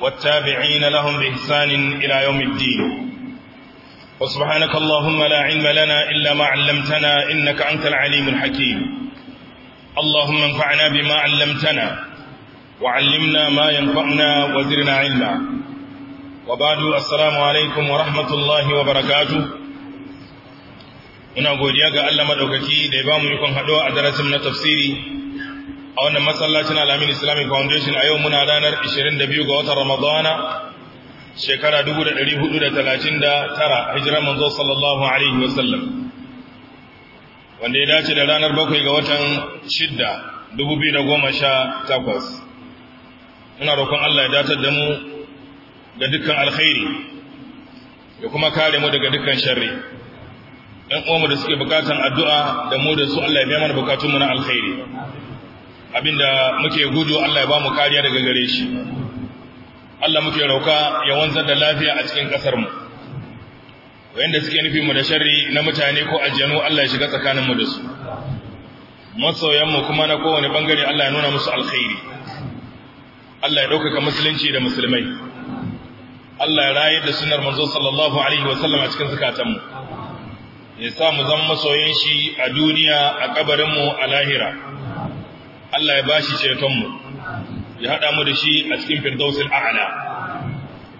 والتابعين لهم بإحسان إلى يوم الدين وسبحانك اللهم لا علم لنا إلا ما علمتنا إنك أنت العليم الحكيم اللهم انفعنا بما علمتنا وعلمنا ما ينفعنا وزرنا علما وبعد السلام عليكم ورحمة الله وبركاته ina godiya ga Allah madaukaki da ya bamu ikon haɗuwa a darasin na tafsiri a wannan masallacin alamin islamic foundation a yau muna ranar 22 ga watan ramadana shekara 439 hijiran manzo sallallahu alaihi wasallam wanda ya dace da ranar 7 ga watan 6 2018 muna roƙon Allah ya datar da mu ga dukkan alkhairi ya kuma kare mu daga dukkan sharri ɗan uwanmu da suke bukatan addu'a da mu da su Allah ya biya mana bukatunmu na alkhairi abinda muke gudu Allah ya ba mu kariya daga gare shi Allah muke rauka ya wanzar da lafiya a cikin kasar mu wayanda suke nufi mu da sharri na mutane ko aljanu Allah ya shiga tsakanin mu da su masoyan mu kuma na kowane bangare Allah ya nuna musu alkhairi Allah ya dauka musulunci da musulmai Allah ya raya da sunnar manzo sallallahu alaihi wa sallam a cikin zakatan mu ya sa mu zama masoyan shi a duniya a kabarin mu a lahira Allah ya bashi cetonmu ya haɗa mu da shi a cikin firdausul a'la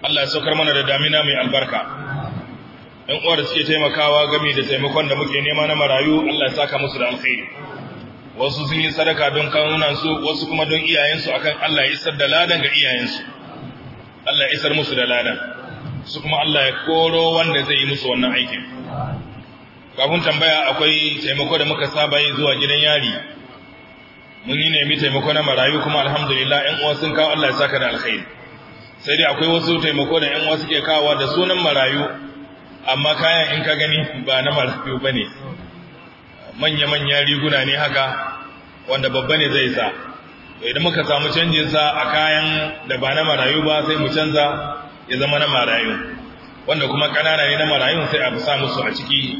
Allah ya saukar mana da damina mai albarka ɗan uwar da suke taimakawa game da taimakon da muke nema na marayu Allah ya saka musu da alkhairi wasu sun yi sadaka don kanunan su wasu kuma don iyayensu akan Allah ya isar da ladan ga iyayensu Allah ya isar musu da ladan su kuma Allah ya koro wanda zai yi musu wannan aikin kafin tambaya akwai taimako da muka saba yi zuwa gidan yari mun yi nemi taimako na marayu kuma alhamdulillah ƴan uwa sun kawo Allah ya saka da alkhairi sai dai akwai wasu taimako da ƴan uwa suke kawo da sunan marayu amma kayan in ka gani ba na marayu bane manya-manya riguna ne haka wanda babba ne zai sa idan muka samu canjin sa a kayan da ba na marayu ba sai mu canza ya zama na marayu wanda kuma kanana ne na marayu sai a sa musu a ciki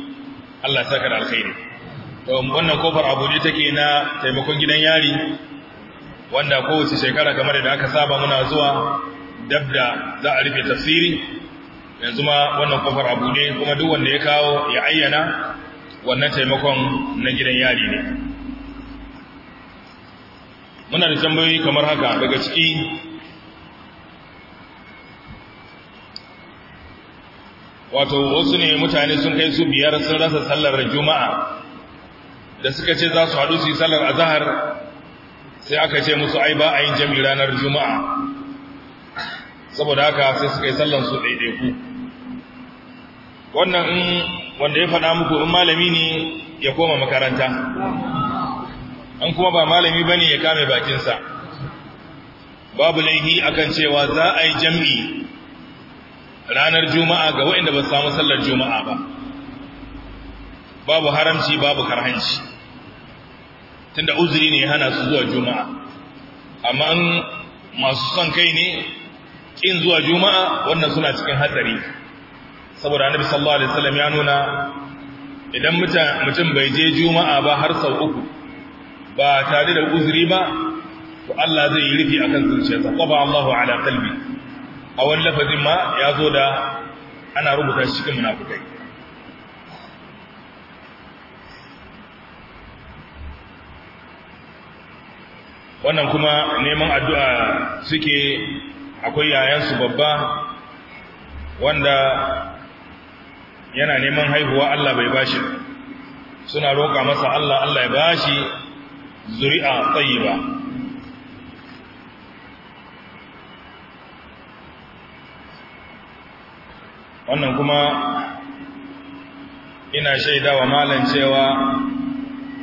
Allah ya saka da alkhairi Um, wannan kofar abu ne take na taimakon gidan yari wanda kowace shekara kamar da aka saba muna zuwa dab da za a rufe tafsiri yanzu ma wannan kofar abu ne kuma duk wanda ya kawo ya ayyana wannan taimakon na gidan yari ne muna da tambayoyi kamar haka daga ciki wato wasu ne mutane sun kai su biyar sun rasa sallar juma'a da suka ce za su haɗu su yi sallar azahar sai aka ce musu ai ba a yin jami ranar juma'a saboda haka sai suka yi sallar su ɗaiɗaiku wannan in wanda ya faɗa muku in malami ne ya koma makaranta an kuma ba malami ba ne ya kame bakinsa babu laihi akan cewa za a yi jam'i ranar juma'a ga waɗanda ba su samu sallar juma'a ba babu haramci babu karhanci tunda uzuri ne hana su zuwa juma'a amma masu son kai ne kin zuwa juma'a wannan suna cikin hatsari saboda annabi sallallahu alaihi wasallam ya nuna idan mutum bai je juma'a ba har sau uku ba tare da uzuri ba to Allah zai yi rufi akan zuciyarsa qaba Allahu ala qalbi a wani lafazin ma ya zo da ana rubuta shi cikin munafikai wannan kuma neman addu'a suke akwai yayansu babba wanda yana neman haihuwa Allah bai bashi suna roƙa masa Allah Allah ya bashi zuri'a tsayi ba. wannan kuma ina shaidawa malam cewa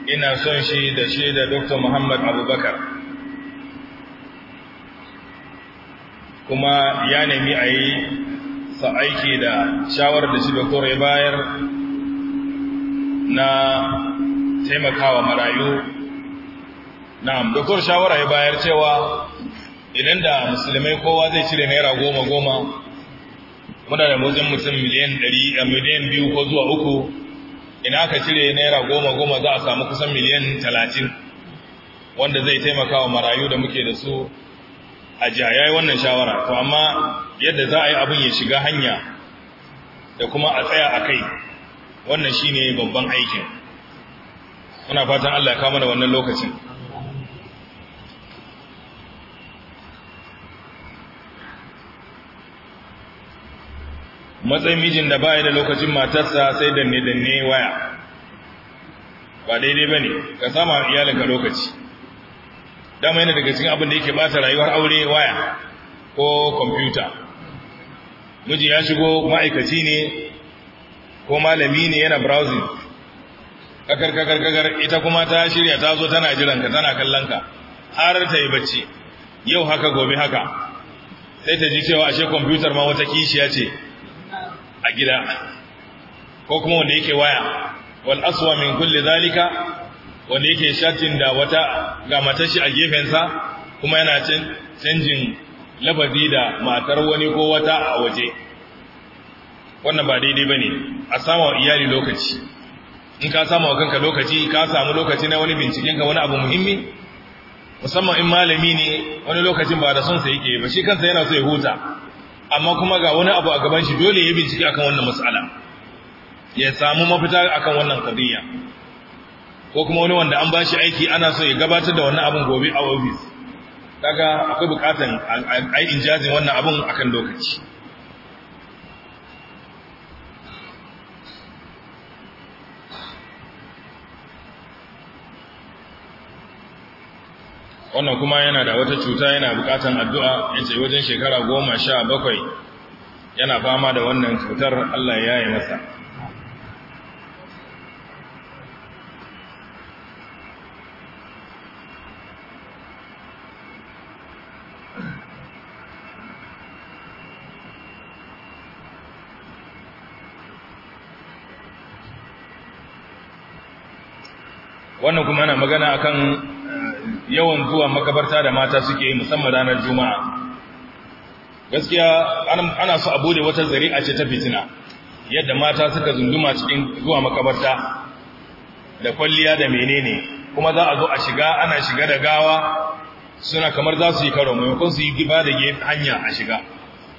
ina son shi da shi da Dr. Muhammad Abubakar kuma ya nemi a yi sa aiki da shawarar da shi da kore bayar na taimakawa marayu Na dokar shawara ya bayar cewa idan da musulmai kowa zai cire naira goma goma muna da motsin mutum miliyan ɗari a miliyan biyu ko zuwa uku ina ka cire naira goma goma za a samu kusan miliyan talatin wanda zai taimakawa marayu da muke da su a ya yi wannan shawara to amma yadda za a yi abin ya shiga hanya da kuma a tsaya a kai wannan shi ne babban aikin muna fatan Allah ya kawo mana wannan lokacin matsayin mijin da baya da lokacin matarsa sai danne danne waya ba daidai ba ne, ka sama iyalinka lokaci dama yana daga cikin abin da yake bata rayuwar aure waya ko kwamfuta miji ya shigo ma'aikaci ne ko malami ne yana browsing kakar kakar kakar ita kuma ta shirya ta zo tana jiranka tana kallonka har ta yi bacci yau haka gobe haka sai ta ji cewa ashe kwamfutar ma wata kishiya ce a gida ko kuma wanda yake waya wal aswa min kulli zalika wanda yake shatin da wata ga matashi a gefensa kuma yana canjin lafazi da matar wani ko wata a waje wannan ba daidai ba ne a samu iyali lokaci in ka samu wa kanka lokaci ka samu lokaci na wani bincikenka wani abu muhimmi musamman in malami ne wani lokacin ba da sonsa yake ba shi kansa yana so ya huta amma kuma ga wani abu a gaban shi dole ya bincike akan wannan mas'ala ya samu mafita akan wannan qadiyya ko kuma wani wanda an ba shi aiki ana so ya gabatar da wannan abin gobe a office kaga akwai bukatan ai injazin wannan abin akan lokaci wannan kuma yana da wata cuta yana bukatan addu'a yace wajen shekara goma sha bakwai yana fama da wannan cutar Allah ya yi masa wannan kuma ana magana akan yawan zuwa makabarta da mata suke yi musamman ranar juma'a gaskiya ana so a bude wata zari'a ce ta fitina yadda mata suka zunduma cikin zuwa makabarta da kwalliya da menene kuma za a zo a shiga ana shiga da gawa suna kamar za su yi karo maimakon su yi giba da hanya a shiga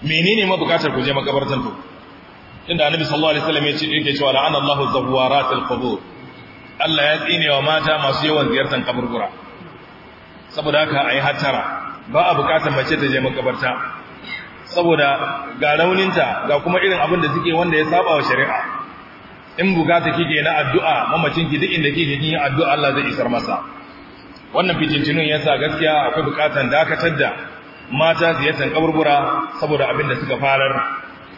menene ma bukatar ku je makabartar to inda annabi sallallahu alaihi wasallam yake cewa la'ana Allahu zawwaratil qubur Allah ya tsine wa mata masu yawan ziyartar kaburbura saboda haka yi hatara ba a bukatar mace ta je makabarta saboda ga rauninta ga kuma irin abin da suke wanda ya saba wa shari'a in bukata kike na addu'a mamacin ki duk inda kike yin addu'a Allah zai isar masa wannan fitintunun yasa gaskiya akwai bukatar dakatar da mata ziyartar kaburbura saboda abin da suka farar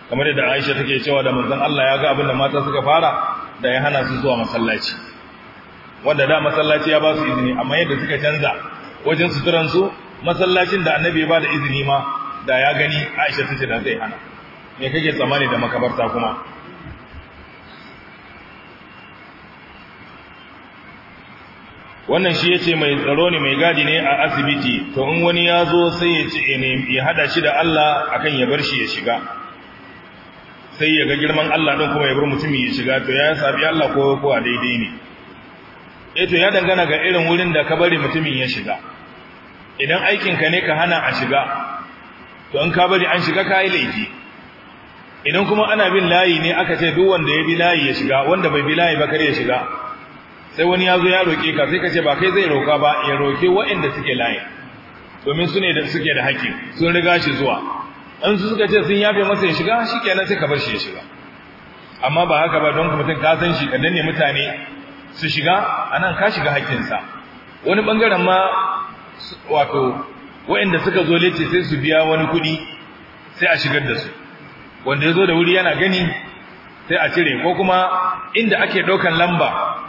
kamar yadda Aisha take cewa da manzon Allah ya ga abin da mata suka fara da ya hana su zuwa masallaci wanda da masallaci ya ba su izini amma yadda suka canza wajen suturan su masallacin da annabi ya ba da izini ma da ya gani Aisha tace da zai hana me kake tsammani da makabarta kuma wannan shi yace mai tsaro ne mai gadi ne a asibiti to in wani ya zo sai ya ce eh, ne ya hada shi da Allah akan ya bar shi ya shiga sai ya ga girman Allah din kuma ya bar mutum ya shiga to ya sabi Allah ko ko daidai ne eto eh ya dangana ga irin wurin da ka bari mutumin ya shiga idan aikinka ne ka hana a shiga to in ka bari an shiga ka yi laifi idan kuma ana bin layi ne aka ce duk wanda ya bi layi ya shiga wanda bai bi layi ba kare ya shiga sai wani ya zo ya roƙe ka sai ka ce ba kai zai roƙa ba ya roƙe waɗanda suke layi domin su ne da suke da haƙƙi sun riga shi zuwa in su suka ce sun yafe masa ya shiga shi kenan sai ka bar shi ya shiga amma ba haka ba don mutum ka san shi ka danne mutane su shiga a nan ka shiga haƙƙinsa wani bangaren ma wato waɗanda suka zo lece sai su biya wani kuɗi sai a shigar da su wanda ya zo da wuri yana gani sai a cire ko kuma inda ake ɗaukan lamba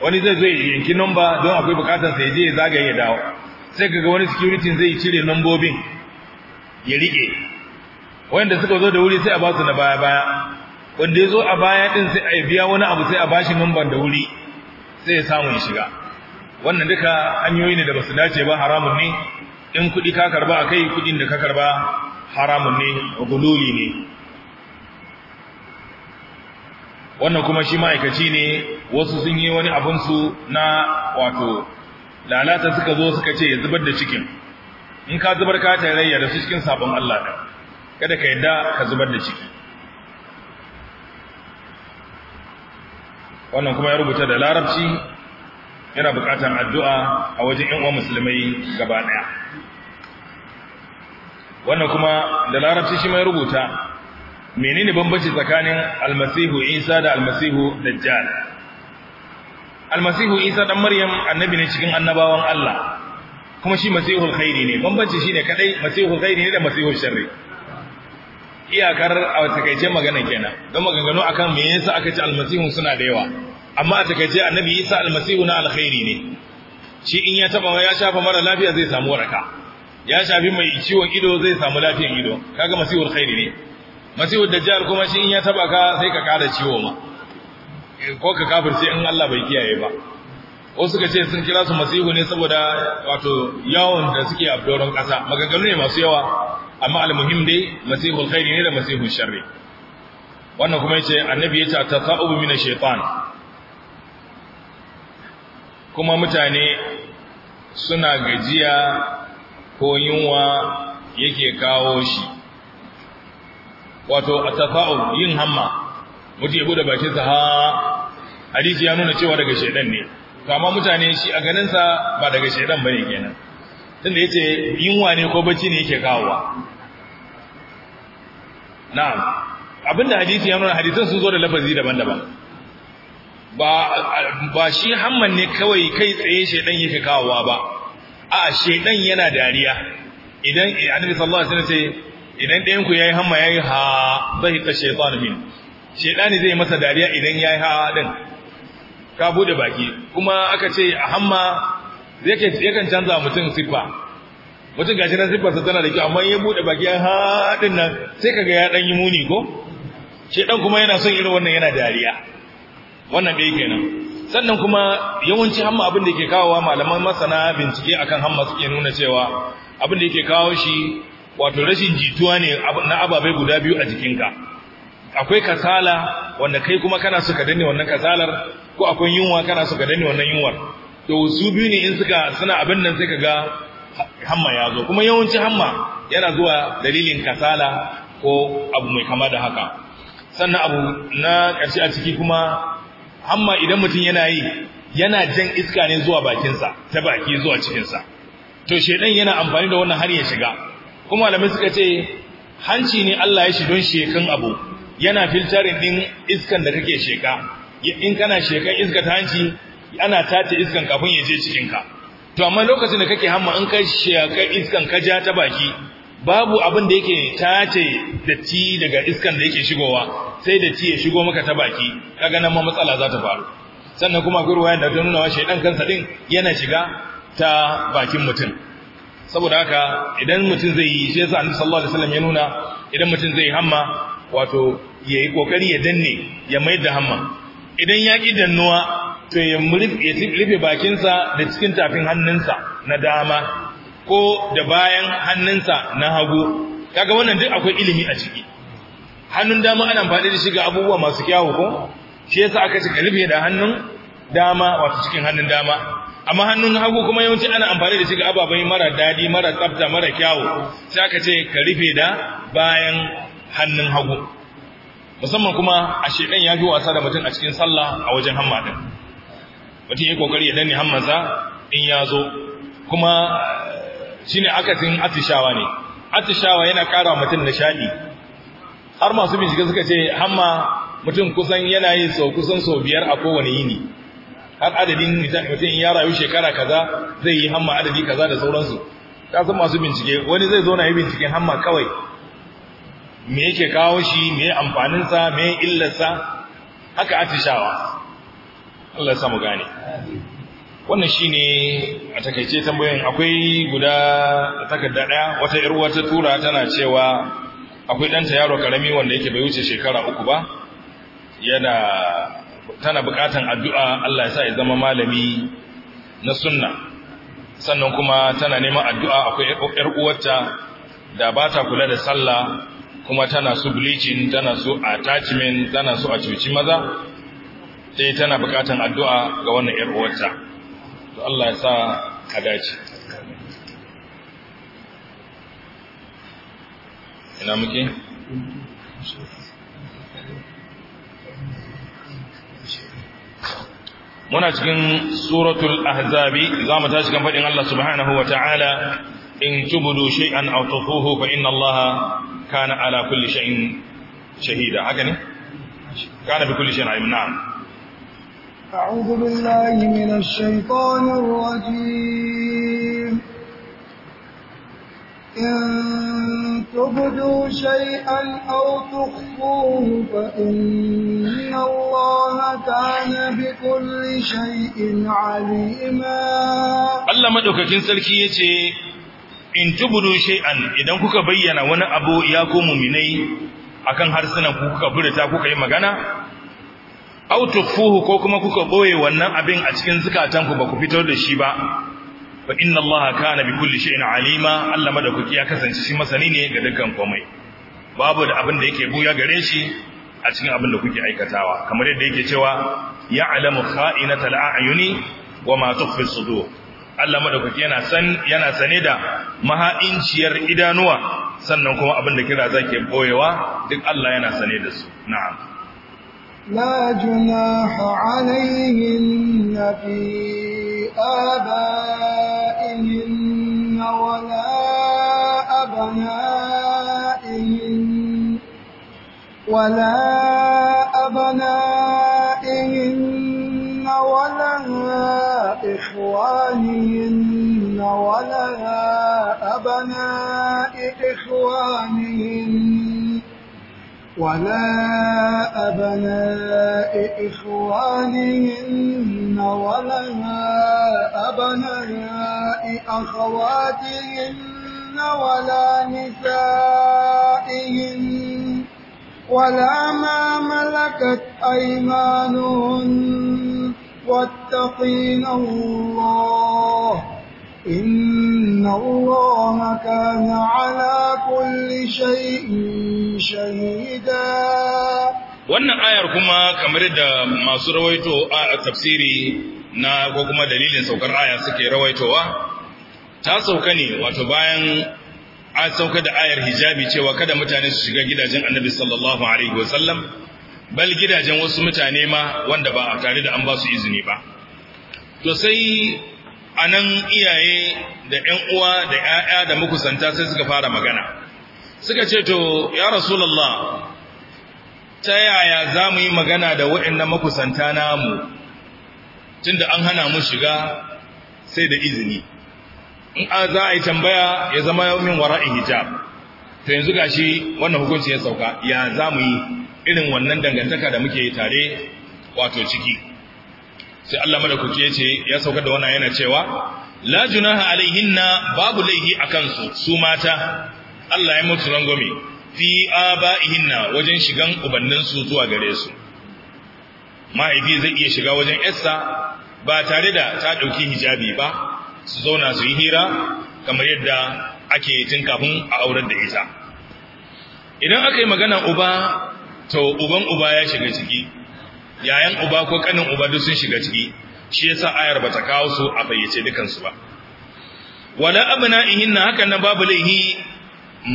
wani zai zo ya yanki nomba don akwai bukatar sai je ya zagaye ya dawo sai kaga wani security zai cire nombobin ya rike wanda suka zo da wuri sai a ba su na baya baya wanda ya zo a baya din sai a biya wani abu sai a bashi nomban da wuri zai samun shiga wannan duka hanyoyi ne da basu dace ba haramun ne in kuɗi ka karba a kai kuɗin da ka karba haramun ne gululi ne wannan kuma shi ma'aikaci ne wasu sun yi wani abinsu na wato lalata suka zo suka ce ya zubar da cikin in ka zubar ka tarayya da su cikin sabon Allah da kada ka yadda ka zubar da ciki wannan kuma ya rubuta da larabci yana bukatan addu'a a wajen yan uwan musulmai gaba ɗaya. wannan kuma da larabci shi mai rubuta menene bambanci tsakanin almasihu isa da almasihu dajjal almasihu isa ɗan maryam annabi ne cikin annabawan Allah kuma shi masihul khairi ne bambanci shine kadai masihul khairi ne da masihul sharri iyakar a takaice magana kenan don maganganu akan me yasa aka ce almasihu suna da yawa amma a takaice annabi isa almasihu na alkhairi ne shi in ya taba ya shafa mara lafiya zai samu waraka ya shafi mai ciwon ido zai samu lafiyan ido kaga masihul khairi ne masihul dajjal kuma shi in ya taba ka sai ka kada ciwo ma ko ka kafirce in Allah bai kiyaye ba wasu suka ce sun kira su masihu ne saboda wato yawon da suke a doron ƙasa maganganu ne masu yawa amma al-muhim dai masihul khairi ne da masihul sharri wannan kuma yace annabi yace at min ash-shaytan kuma mutane suna gajiya ko yunwa yake kawo shi wato at-tasawub yin hamma mutum ya bude bakin sa ha hadisi ya nuna cewa daga shaydan ne amma mutane shi a ganin sa ba daga shaydan bane kenan tunda yace yunwa ne ko bacci ne yake kawowa na'am abinda hadisi ya nuna hadisan sun zo da lafazi daban-daban ba ba shi hamman ne kawai kai tsaye shedan yake kawowa ba a shedan yana dariya idan eh, annabi sallallahu alaihi wasallam idan ɗayan ku yayi hamma yayi ha zai ta shaytan min shedani zai masa dariya idan yayi ha din ka bude baki kuma aka ce a hamma yake yakan canza mutum sifa mutum gashi na siffarsa tana da kyau amma ya bude baki ya haɗin nan sai kaga ya ɗan yi muni ko shi ɗan kuma yana son irin wannan yana dariya wannan ɗaya kenan sannan kuma yawanci hamma abin da ke kawowa malaman masana bincike akan hamma suke nuna cewa abin da yake kawo shi wato rashin jituwa ne na ababai guda biyu a jikinka akwai kasala wanda kai kuma kana so ka danne wannan kasalar ko akwai yunwa kana so ka danne wannan yunwar to su biyu ne in suka suna abin nan sai ka ga hamma ya zo kuma yawanci hamma yana zuwa dalilin kasala ko abu mai kama da haka sannan abu na ƙarshe a ciki kuma hamma idan mutum yana yi yana jan iska ne zuwa bakinsa ta baki zuwa cikinsa to shedan yana amfani da wannan har ya shiga kuma malamai suka ce hanci ne Allah ya shi don shekan abu yana filtering din iskan da kake sheka in kana shekan iska ta hanci ana tace iskan kafin ya je cikinka to amma lokacin da kake hamma in ka shiga iskan ka ja ta baki babu abin da yake tace datti daga iskan da yake shigowa sai datti ya shigo maka ta baki kaga nan ma matsala za ta faru sannan kuma akwai gurwaya da nuna wa shaidan kansa din yana shiga ta bakin mutum saboda haka idan mutum zai yi shi yasa annabi sallallahu alaihi wasallam ya nuna idan mutum zai hamma wato yayi kokari ya danne ya mai da hamma idan ya ki dannuwa to ya rufe bakinsa da cikin tafin hannunsa na dama ko da bayan hannunsa na hagu kaga wannan duk akwai ilimi a ciki hannun dama ana amfani da shi ga abubuwa masu kyawu ko shi yasa aka ce rufe da hannun dama wato cikin hannun dama amma hannun hagu kuma yawanci ana amfani da shi ga ababai mara dadi mara tsafta mara kyawu sai aka ce ka rufe da bayan hannun hagu musamman kuma a shekan ya fi wasa da mutum a cikin sallah a wajen hamma mutum yi kokari ya danne hammansa in ya zo kuma eh, shi ne akasin atishawa ne atishawa yana kara mutum nishaɗi. har masu bincike suka ce hamma mutum kusan yana yi sau kusan sau biyar a kowane yini har adadin mutum ya rayu shekara kaza zai yi hamma adadi kaza da sauransu ka san masu bincike wani zai zo na yi binciken hamma kawai me yake kawo shi me amfaninsa me illarsa haka atishawa Allah samu gane wannan shine a takaice tambayin akwai guda a takarda daya wata yar tura tana cewa akwai ɗanta yaro karami wanda yake bai wuce shekara uku ba yana tana bukatan addu'a Allah ya sa ya zama malami na sunna sannan kuma tana neman addu'a akwai yaruwarta uwarta da ba ta kula da sallah kuma tana su bleaching tana su attachment tana su a cuci maza sai tana bukatan addu'a ga wannan ‘yar uwarta. To Allah ya sa a dace. Ina muke? Muna cikin suratul ahzabi za mu tashi kan faɗin Allah subhanahu wa ta'ala in tubudu shay'an aw tukhuhu fa inna Allah kana ala kulli shay'in shahida haka ne kana bi kulli shay'in alim na'am أعوذ بالله من الشيطان الرجيم إن تبدو شيئا أو تخفوه فإن الله كان بكل شيء عليما الله ما دوكاكين سلكي يتي in tubudu shay'an idan kuka bayyana wani abu ya ko muminai akan harsunan ku kuka furta kuka yi magana aw ko kuma kuka boye wannan abin a cikin zukatanku ba ku fitar da shi ba fa inna allaha kana bi kulli shay'in alima Allah madaukaki ya kasance shi masani ne ga dukkan komai babu da abin da yake buya gare shi a cikin abin da kuke aikatawa kamar yadda yake cewa ya'lamu kha'inatal a'yuni wa ma tukhfi sudur Allah madaukaki yana san yana sane da maha'inciyar idanuwa sannan kuma abin da kira zake boyewa duk Allah yana sane da su na'am لا جناح عليهن في آبائهن ولا أبنائهن ولا أبنائهن ولا إخوانهن ولا أبناء إخوانهن ولا أبناء إخوانهن ولا أبناء أخواتهن ولا نسائهن ولا ما ملكت أيمانهن واتقين الله إن الله كان على كل شيء شهيدا wannan ayar kuma kamar da masu rawaito a tafsiri na ko kuma dalilin saukar aya suke rawaitowa ta sauka ne wato bayan a sauka da ayar hijabi cewa kada mutane su shiga gidajen annabi sallallahu alaihi wasallam bal gidajen wasu mutane ma wanda ba tare da an ba su izini ba to sai anan iyaye da ‘yan uwa da ‘ya'ya da makusanta sai suka fara magana suka ce to ya rasulullah ta yaya za mu yi magana da waɗannan makusanta namu tunda an hana mu shiga sai da izini in a za a yi tambaya ya zama yawmin wara'in hijab to yanzu gashi wannan hukunci ya sauka ya za mu yi irin wannan dangantaka da muke tare wato ciki sai Allah da ya ce ya saukar da wannan yana cewa la junaha alaihinna babu laihi akan su su mata Allah ya mutu rangwame fi aba'ihinna wajen shigan ubannin su zuwa gare su mahaifi zai iya shiga wajen Esa ba tare da ta ɗauki hijabi ba su zauna su yi hira kamar yadda ake tun kafin a aurar da ita idan aka yi magana uba to uban uba ya shiga ciki yayan uba ko kanin uba duk sun shiga ciki shi yasa ayar bata kawo su a fayyace dukan su ba wala abna'ihinna hakan na babu laihi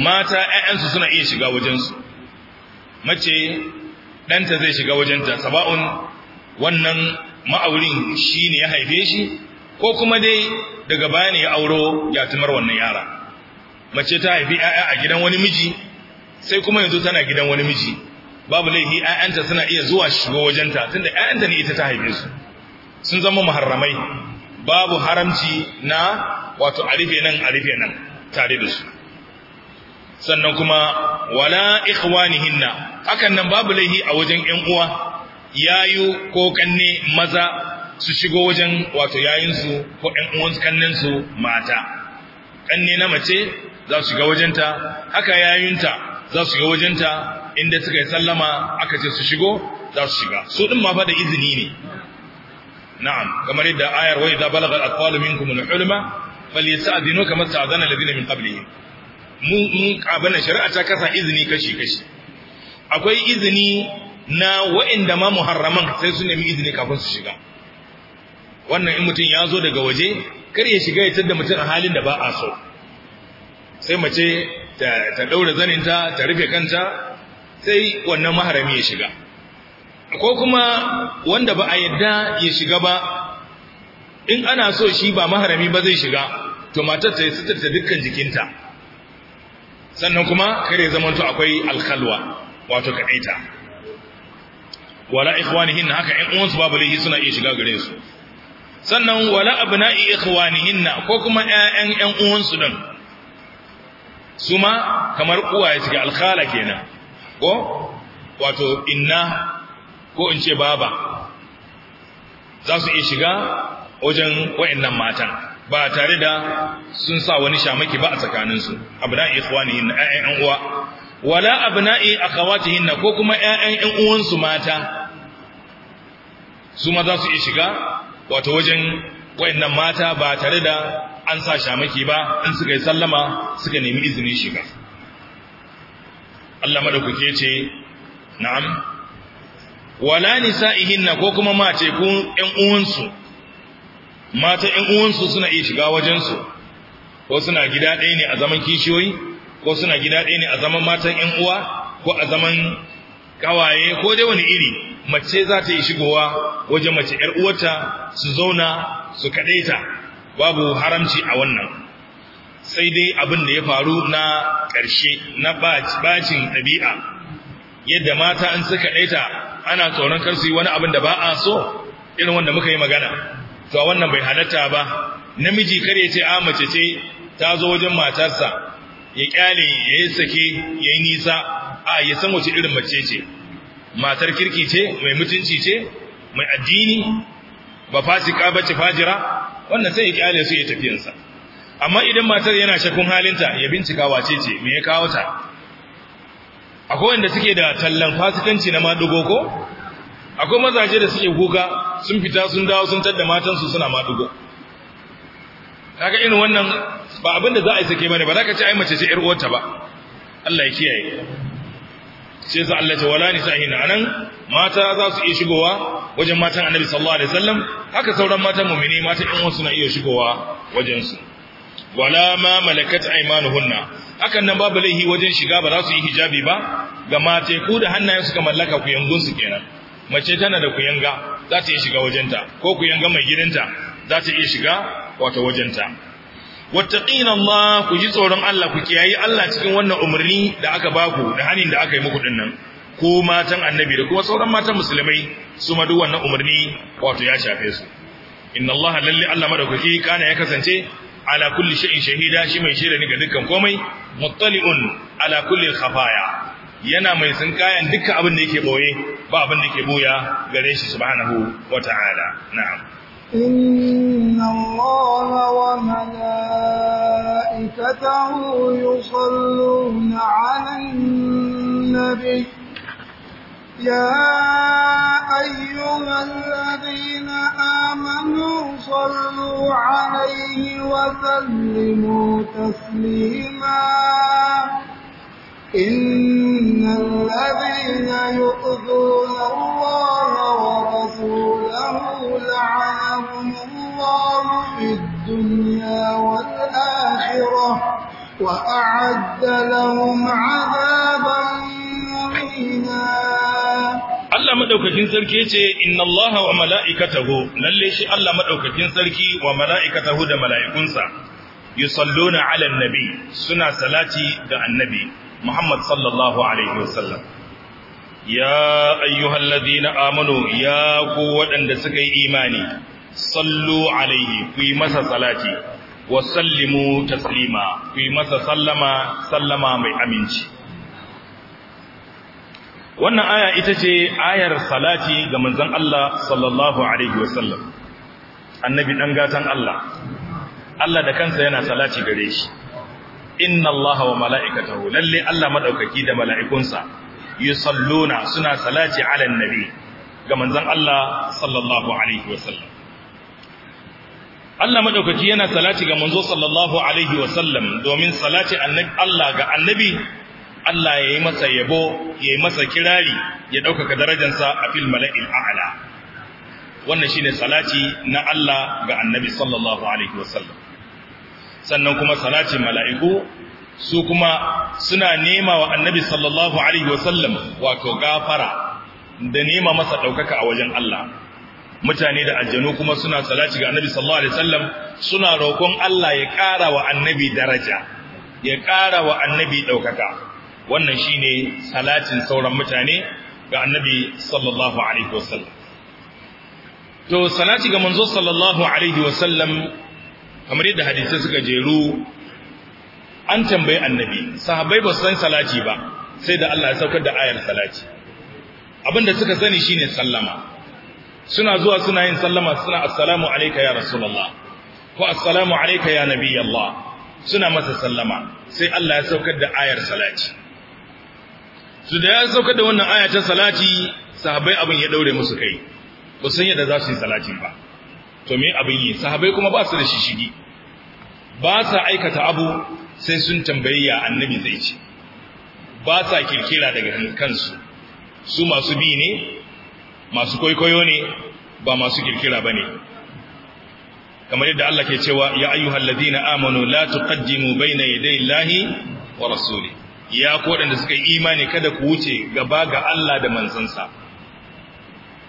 mata ƴaƴansu suna iya shiga wajen su mace danta zai shiga wajenta saba'un wannan ma'aurin shine ya haife shi ko kuma dai daga baya ne ya auro tumar wannan yara mace ta haifi ƴaƴa a gidan wani miji sai kuma yanzu tana gidan wani miji babu laifi ƴaƴanta suna iya zuwa shigo wajenta tunda ƴaƴanta ne ita ta haife su sun zama muharramai babu haramci na wato arife nan arife nan tare da su sannan kuma wala ikhwanihinna hakan nan babu laifi a wajen ƴan uwa yayu ko kanne maza su shigo wajen wato yayinsu ko ƴan uwansu kannensu mata kanne na mace za su shiga wajenta haka yayunta za su shiga wajenta inda suka yi sallama aka ce su shigo za su shiga su din ma fa da izini ne na'am kamar yadda ayar wai idza balagha al-atfalu minkum al ulama falyasta'dinu kama sa'adana alladhina min qablihim mun mun kabana shari'a ta kasa izini kashi kashi akwai izini na wa'inda ma muharraman sai su nemi izini kafin su shiga wannan in mutum ya zo daga waje kar ya shiga ya tada mutum a halin da ba a so sai mace ta daura zaninta ta rufe kanta sai wannan maharami ya shiga ko kuma wanda ba a yadda ya shiga ba in ana so shi ba maharami ba zai shiga to matar ta yi suturta dukkan jikinta sannan kuma kare to akwai alkalwa wato kaɗaita wala ikhwanihin haka ƴan uwansu babu laifi suna iya shiga gare su sannan wala abna'i ikhwanihinna ko kuma ƴaƴan ƴan uwansu din su ma kamar uwaye suke alkhala kenan ko wato inna ko in ce baba za su iya shiga wajen nan matan ba tare da sun sa wani shamaki ba a tsakaninsu abna'i ikhwanihin ayyan ƴaƴan uwa wala abna'i akhawatihin na ko kuma ƴaƴan ƴan uwansu mata su ma za su iya shiga wato wajen nan mata ba tare da an sa shamaki ba in suka yi sallama suka nemi izinin shiga Allah madaukake ce na'am wala nisa'ihinna ko kuma mace kun ƴan uwansu mata ƴan uwansu suna iya shiga wajen su ko suna gida ɗaya ne a zaman kishiyoyi ko suna gida ɗaya ne a zaman matan ƴan uwa ko a zaman kawaye ko dai wani iri mace za ta yi shigowa wajen mace ‘yar uwarta su zauna su kaɗaita babu haramci a wannan sai dai abin da ya faru na ƙarshe na bacin ɗabi'a yadda mata an suka ɗaita ana tsoron kar su yi wani abin da ba a so irin wanda muka yi magana to a wannan bai halatta ba namiji kar ya ce a ah, mace ce ta zo wajen matarsa ya kyale ya yi sake ya yi nisa a ya san wace irin mace ce matar kirki ce mai mutunci ce mai addini ba fasika ba ce fajira wannan sai ya kyale su ya tafiyansa amma idan matar yana shakun halinta ya bincika wace ce me ya kawo ta akwai wanda suke da tallan fasikanci na madugo ko akwai mazaje da suke kuka sun fita sun dawo sun tadda su suna madugo kaga irin wannan ba abin da za a yi sake bane ba za ka ci ai mace ce yar uwarta ba Allah ya kiyaye sai sa Allah ta wala ni nisa'ina anan mata za su iya shigowa wajen matan Annabi sallallahu alaihi wasallam haka sauran matan mu'mini matan in wasu na iya shigowa wajen su wala ma malakat aymanuhunna hakan nan babu laihi wajen shiga ba za su yi hijabi ba ga mace ku da hannayen suka mallaka ku su kenan mace tana da kuyanga za ta iya shiga wajenta ko kuyanga mai gidanta za ta iya shiga wato wajenta wattaqina Allah ku ji tsoron Allah ku kiyaye Allah cikin wannan umarni da aka baku da hanin da aka yi muku dinnan ko matan annabi da kuma sauran matan musulmai su ma duk wannan umarni wato ya shafe su inna Allah lalle Allah madaukaki kana ya kasance ala kulli shay'in shahida shi mai shaida ne ga dukkan komai muttali'un ala kulli khafaya yana mai tsinkayan dukkan abin da yake boye ba abin da yake boya gare shi subhanahu wata'ala na'am inna allaha wa malaikatahu yusalluna 'alan nabiy يا أيها الذين آمنوا صلوا عليه وسلموا تسليما إن الذين يؤذون الله ورسوله لعنهم الله في الدنيا والآخرة وأعد لهم عذابا مهينا Allah maɗaukakin sarki ce, inna Allaha wa mala'ikatahu lalle shi Allah maɗaukakin sarki wa mala'ikatahu da mala'ikunsa yusalluna 'alan nabi suna salati ga annabi Muhammad sallallahu alaihi wasallam ya na amanu ya ku waɗanda suka yi imani sallu alaihi ku yi masa salati wa sallimu taslima ku yi masa sallama sallama mai aminci wannan aya ita ce ayar salati ga manzon Allah sallallahu alaihi wasallam annabi dan gatan Allah Allah da kansa yana salati gare shi inna Allah wa mala'ikatahu lalle Allah madaukaki da mala'ikunsa yusalluna suna salati ala nabi ga manzon Allah sallallahu alaihi wasallam Allah madaukaki yana salati ga manzo sallallahu alaihi wasallam domin salati annabi Allah ga annabi Allah ya yi masa yabo ya yi masa kirari ya ɗaukaka darajarsa a fil mala'il a'la wannan ne salati na Allah ga annabi sallallahu alaihi wasallam sannan kuma salaci mala'iku su kuma suna nema wa annabi sallallahu alaihi wasallam wato gafara da nema masa ɗaukaka a wajen Allah mutane da aljanu kuma suna salati ga annabi sallallahu alaihi wasallam suna roƙon Allah ya ƙara wa annabi daraja ya ƙara wa annabi ɗaukaka wannan shi ne salatin sauran mutane ga annabi sallallahu alaihi wasallam to salati ga manzo sallallahu alaihi wasallam kamar yadda hadisai suka jeru an tambayi annabi sahabbai ba su san salati ba sai da Allah ya saukar da ayar salati abinda suka sani shine sallama suna zuwa suna yin sallama suna assalamu alaika ya rasulullah ko assalamu alaika ya nabiyallah suna masa sallama sai Allah ya saukar da ayar salati su da ya saukar da wannan aya ta salati sahabbai abin ya daure musu kai ba san yadda za su yi salatin ba to me abin yi sahabbai kuma ba su da shishigi ba sa aikata abu sai sun tambayi ya annabi zai ce ba sa kirkira daga kansu su masu bi ne masu kwaikwayo ne ba masu kirkira ba ne kamar yadda Allah ke cewa ya ayyuhallazina amanu la tuqaddimu bayna yadayi wa rasuli ya ku waɗanda suka yi imani kada ku wuce gaba ga Allah da manzansa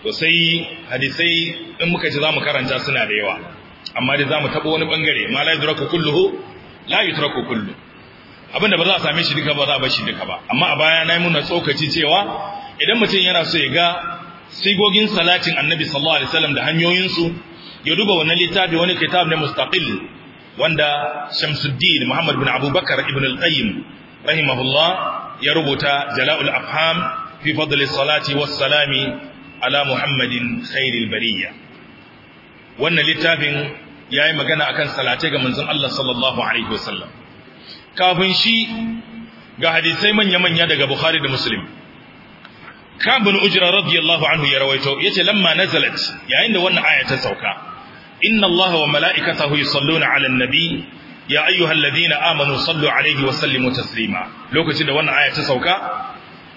to sai hadisai in muka ci zamu karanta suna da yawa amma dai zamu tabo wani bangare ma la yudraku kulluhu la yutraku kullu abinda ba za a same shi duka ba za a bar shi duka ba amma a baya na yi muna tsokaci cewa idan mutum yana so ya ga sigogin salatin annabi sallallahu alaihi wasallam da hanyoyinsu ya duba wannan littafi wani kitab ne mustaqil wanda Shamsuddin Muhammad bin Abubakar ibn al-Qayyim rahimahullah ya rubuta jala'ul afham fi fadli salati was ala muhammadin khairil bariya wannan littafin yayi magana akan salate ga manzon Allah sallallahu alaihi wasallam kafin shi ga hadisai manya-manya daga Bukhari da Muslim kabin ujira radiyallahu anhu ya rawaito yace lamma nazalat yayin da wannan aya ta sauka inna allaha wa mala'ikatahu yusalluna 'alan nabi ya ayyuhal ladina amanu sallu alaihi wa sallimu taslima lokacin da wannan aya ta sauka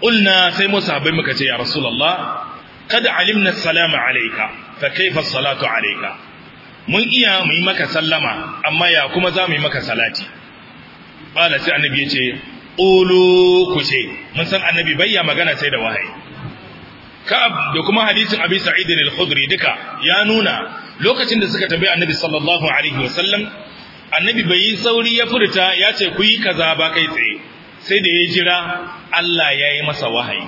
qulna sai mu sahabbai muka ce ya Kada kad alimna salama alayka fa kayfa salatu alayka mun iya mu maka sallama amma ya kuma za mu yi maka salati bala sai annabi ya ce qulu ku mun san annabi bayya magana sai da wahayi ka'ab da kuma hadisin abi sa'id al-khudri duka ya nuna lokacin da suka tambayi annabi sallallahu alaihi wa sallam annabi bai yi sauri ya furta ya ce ku yi kaza ba kai tsaye sai da ya jira Allah ya yi masa wahayi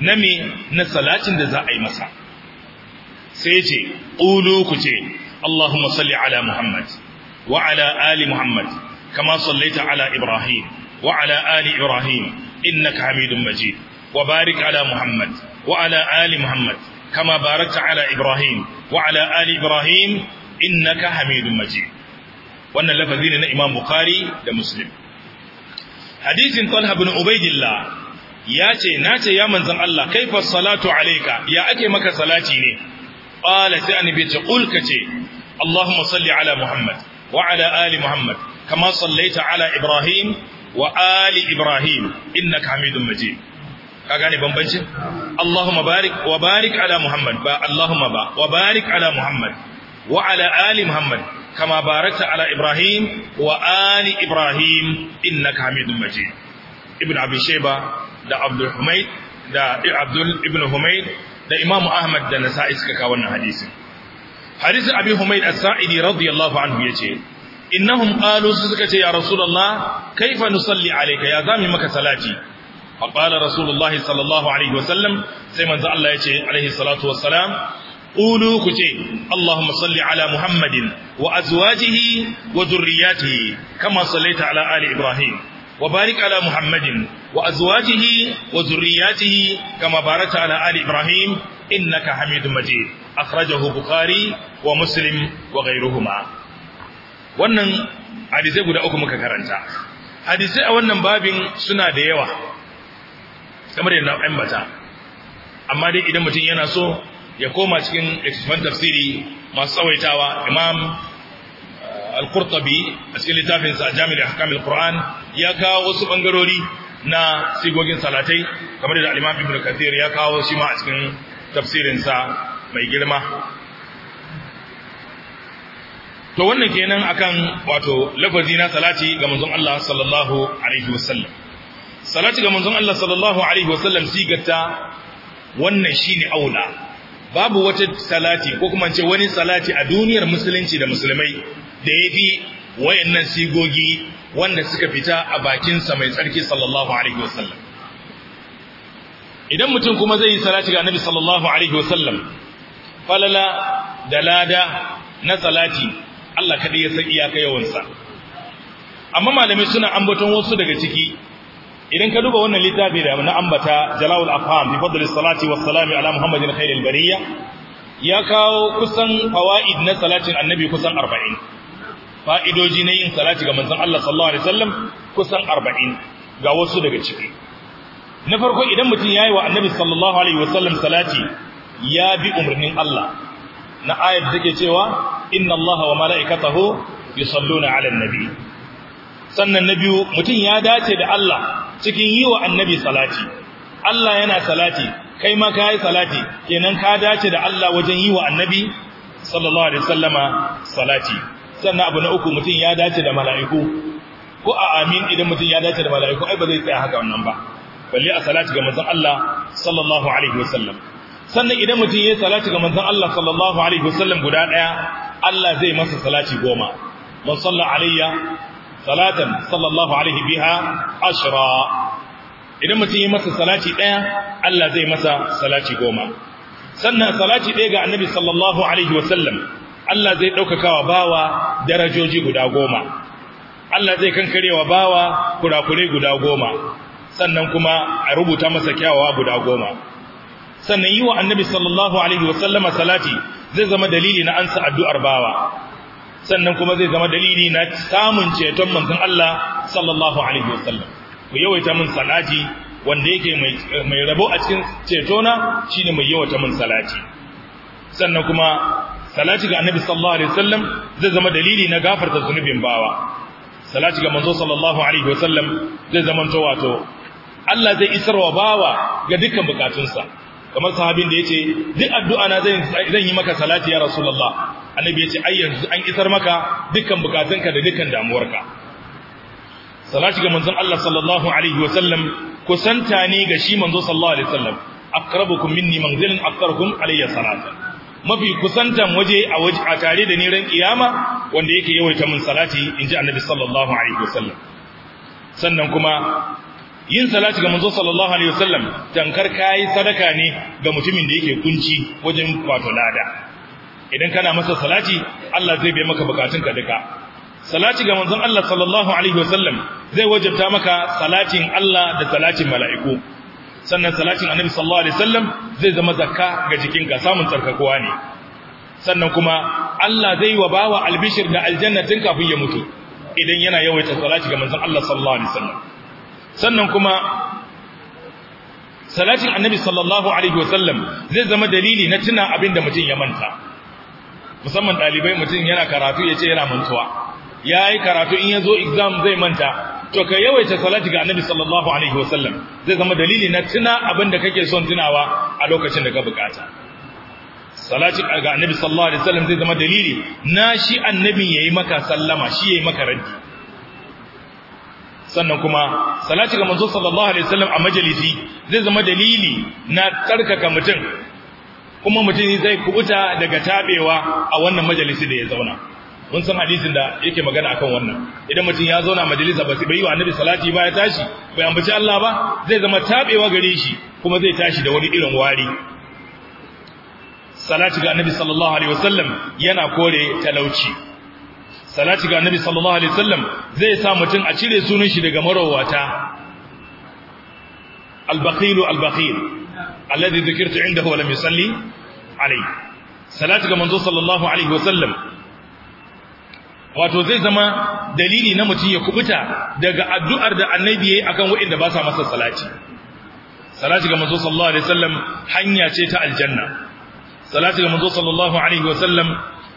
na me na salatin da za a yi masa sai ce ƙulu ku ce Allahumma salli ala Muhammad wa ala ali Muhammad kama sallaita ala Ibrahim wa ala ali Ibrahim innaka Hamidum Majid wa barik ala Muhammad wa ala ali Muhammad kama barakta ala Ibrahim wa ala ali Ibrahim innaka Hamidum Majid wannan lafazi ne na Imam Bukhari da Muslim hadisin Talha ibn Ubaidillah ya ce nace ya manzon Allah kaifa salatu alayka ya ake maka salati ne qala sai annabi ce qul kace Allahumma salli ala Muhammad wa ala ali Muhammad kama sallaita ala Ibrahim wa ali Ibrahim innaka Hamidum Majid ka gane bambanci? Allahumma barik wa barik ala Muhammad ba Allahumma ba wa barik ala Muhammad wa ala ali Muhammad kama barata ala Ibrahim wa Ani Ibrahim innaka Hamidum Majid Ibn Abi Shayba da Abdul Humayd da Abdul Ibn Humayd da Imam Ahmad da Nasa'i suka kawo wannan hadisi. hadisin Abi Humayd As-Sa'idi radiyallahu anhu yace innahum qalu suka ce ya rasulullah kaifa nusalli alayka ya zami maka salati فقال رسول الله صلى Allah عليه وسلم سيما الله عليه الصلاة والسلام قولوا كتي اللهم صل على محمد وأزواجه وذرياته كما صليت على آل إبراهيم وبارك على محمد وأزواجه وذرياته كما باركت على آل إبراهيم إنك حميد مجيد أخرجه بخاري ومسلم وغيرهما wannan hadisai guda uku muka karanta hadisai a wannan babin suna da yawa kamar yadda ambata amma dai idan mutum yana so ya koma cikin littattafan tafsiri masu tsawaitawa imam uh, al-qurtubi a cikin littafin sa jami'ul ahkam al-qur'an ya kawo wasu bangarori na sigogin salatai kamar da al-imam ibnu kathir ya kawo shi ma a cikin tafsirin sa mai girma to wannan kenan akan wato lafazi na salati ga manzon Allah sallallahu alaihi wasallam salati ga manzon Allah sallallahu alaihi wasallam sigarta wannan shine aula babu wata salati ko kuma ce wani salati a duniyar musulunci da musulmai da ya fi wayannan sigogi wanda suka fita a bakinsa mai tsarki sallallahu alaihi wasallam idan mutum kuma zai yi salati ga annabi sallallahu alaihi wasallam falala da lada na salati Allah kada ya san iyaka yawansa amma malamai suna ambaton wasu daga ciki idan ka duba wannan littafi da na ambata jala'ul afham bi fadli salati wa salami ala muhammadin khairil bariya ya kawo kusan fawaid na salatin annabi kusan 40 fa'idoji na yin salati ga manzon Allah sallallahu alaihi wasallam kusan 40 ga wasu daga ciki na farko idan mutum yayi wa annabi sallallahu alaihi wasallam salati ya bi umarnin Allah na ayat take cewa inna allaha wa mala'ikatahu yusalluna 'alan nabi sannan na biyu mutum ya dace da Allah cikin yi wa annabi salati Allah yana salati kai ma ka yi salati kenan ka dace da Allah wajen yi wa annabi sallallahu alaihi wasallama salati sannan abu na uku mutum ya dace da mala'iku ko a amin idan mutum ya dace da mala'iku ai ba zai tsaya haka wannan ba balle a salati ga manzon Allah sallallahu alaihi wasallam sannan idan mutum ya salati ga manzon Allah sallallahu alaihi wasallam guda daya Allah zai masa salati goma man salla alayya salatan sallallahu alaihi biha ashra idan mutum yi masa salati daya Allah zai masa salati goma sannan salati daya ga annabi sallallahu alaihi wasallam Allah zai daukakawa bawa darajoji guda goma Allah zai kankarewa bawa kurakure guda goma sannan kuma a rubuta masa kyawawa guda goma sannan yi wa annabi sallallahu alaihi wasallama salati zai zama dalili na ansa addu'ar bawa sannan kuma zai zama dalili na samun ceton manzon Allah sallallahu alaihi wasallam ku yawaita mun salati wanda yake mai rabo a cikin cetona shine mai yawaita mun salati sannan kuma salati ga annabi sallallahu alaihi wasallam zai zama dalili na gafarta zunubin bawa salati ga manzo sallallahu alaihi wasallam zai zama to wato Allah zai isarwa bawa ga dukkan bukatunsa kamar sahabin da yace duk addu'a na zan zan yi maka salati ya rasulullah annabi yace ai yanzu an isar maka dukkan bukatunka da dukkan damuwarka salati ga manzon Allah sallallahu alaihi wa sallam kusanta ne ga shi manzo sallallahu alaihi wa sallam aqrabukum minni manzilan aqrabukum alayya salata mafi kusantan waje a waje a tare da ni ran kiyama wanda yake yawaita min salati inji annabi sallallahu alaihi wa sallam sannan kuma yin salati ga manzo sallallahu alaihi wasallam tankar kai sadaka ne ga mutumin da yake kunci wajen wato lada idan kana masa salati Allah zai biya maka bukatunka duka salati ga manzon Allah sallallahu alaihi wasallam zai wajabta maka salatin Allah da salatin mala'iku sannan salatin annabi sallallahu alaihi wasallam zai zama zakka ga jikinka samun tsarkakuwa ne sannan kuma Allah zai wa bawa albishir da aljanna tun kafin ya mutu idan yana yawaita salati ga manzon Allah sallallahu alaihi wasallam sannan kuma salatin annabi sallallahu alaihi wasallam zai zama dalili na tuna abin da mutum ya manta musamman dalibai mutum yana karatu ya ce yana mantuwa ya yi karatu in ya zo exam zai manta to ka yawaita salati ga annabi sallallahu alaihi wasallam zai zama dalili na tuna abin da kake son tunawa a lokacin da ka bukata salati ga annabi sallallahu alaihi wasallam zai zama dalili na shi annabi yayi maka sallama shi yayi maka raddi sannan kuma salati ga manzo sallallahu alaihi wasallam a majalisi zai zama dalili na tsarkaka mutum kuma mutum zai kubuta daga tabewa a wannan majalisi da ya zauna mun san hadisin da yake magana akan wannan idan mutum ya zauna majalisa ba sai bai yi wa annabi salati ba ya tashi bai ambaci Allah ba zai zama tabewa gare shi kuma zai tashi da wani irin wari salati ga annabi sallallahu alaihi wasallam yana kore talauci salati ga annabi sallallahu alaihi wasallam zai sa mutum a cire sunan shi daga marawata al-baqil al-baqil alladhi dhikirtu indahu wa lam yusalli alayhi salati ga manzo sallallahu alaihi wasallam wato zai zama dalili na mutum ya kubuta daga addu'ar da annabi yayi akan wanda ba sa masa salati salati ga manzo sallallahu alaihi wasallam hanya ce ta aljanna salati ga manzo sallallahu alaihi wasallam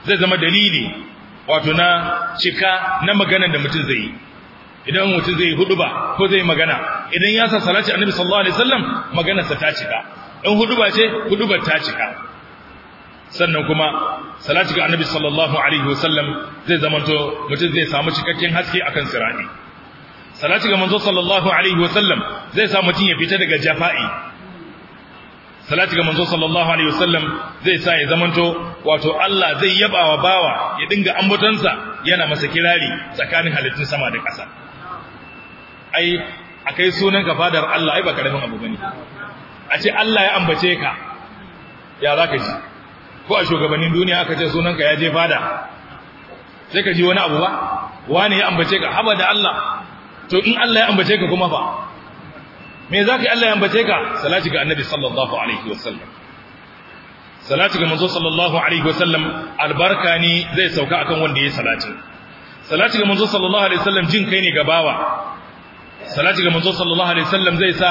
zai zama dalili wato na cika na magana da mutum zai yi idan mutum zai hudu ba ko zai magana idan ya sa salati annabi sallallahu alaihi wasallam maganarsa ta cika in hudu ce hudu ta cika sannan kuma salati ga annabi sallallahu alaihi wasallam zai zamanto mutum zai samu cikakken haske akan sirani salati ga manzo sallallahu alaihi wasallam zai sa mutum ya fita daga jafa'i salati ga manzo sallallahu alaihi wasallam zai sa ya zamanto wato Allah zai yaba wa bawa ya dinga ambotansa yana masa kirari tsakanin halittun sama da ƙasa ai akai sunan ka fadar Allah ai ba karamin abu bane a ce Allah ya ambace ka ya zaka ji ko a shugabannin duniya aka ce sunan ka ya je fada sai ka ji wani abu ba wani ya ambace ka haba da Allah to in Allah ya ambace ka kuma fa me za ka yi Allah ya ambace ka salati ga annabi sallallahu alaihi wasallam salati ga manzo sallallahu alaihi wasallam albarka ne zai sauka akan wanda ya salati salati ga manzo sallallahu alaihi wasallam jin kai ne ga bawa salati ga manzo sallallahu alaihi wasallam zai sa